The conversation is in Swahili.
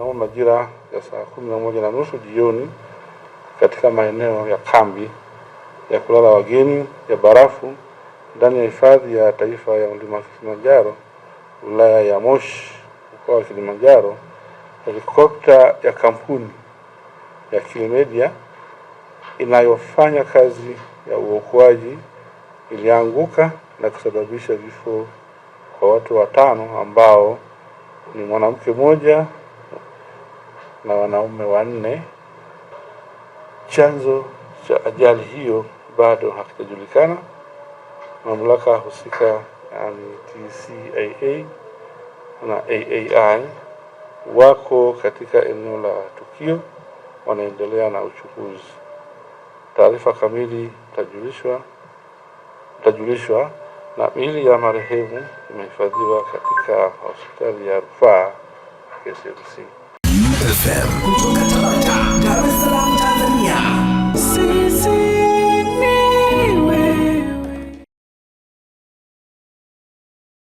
mnamo majira ya saa kumi na moja na nusu jioni katika maeneo ya kambi ya kulala wageni ya Barafu ndani ya hifadhi ya taifa ya mlima Kilimanjaro wilaya ya Moshi mkoa wa Kilimanjaro, helikopta ya kampuni ya Kilimedia inayofanya kazi ya uokoaji ilianguka na kusababisha vifo kwa watu watano ambao ni mwanamke mmoja na wanaume wanne. Chanzo cha ajali hiyo bado hakijajulikana. Mamlaka husika yani TCIA na AAI wako katika eneo la tukio, wanaendelea na uchunguzi. Taarifa kamili tajulishwa tajulishwa, na miili ya marehemu imehifadhiwa katika hospitali ya rufaa KCMC. FM.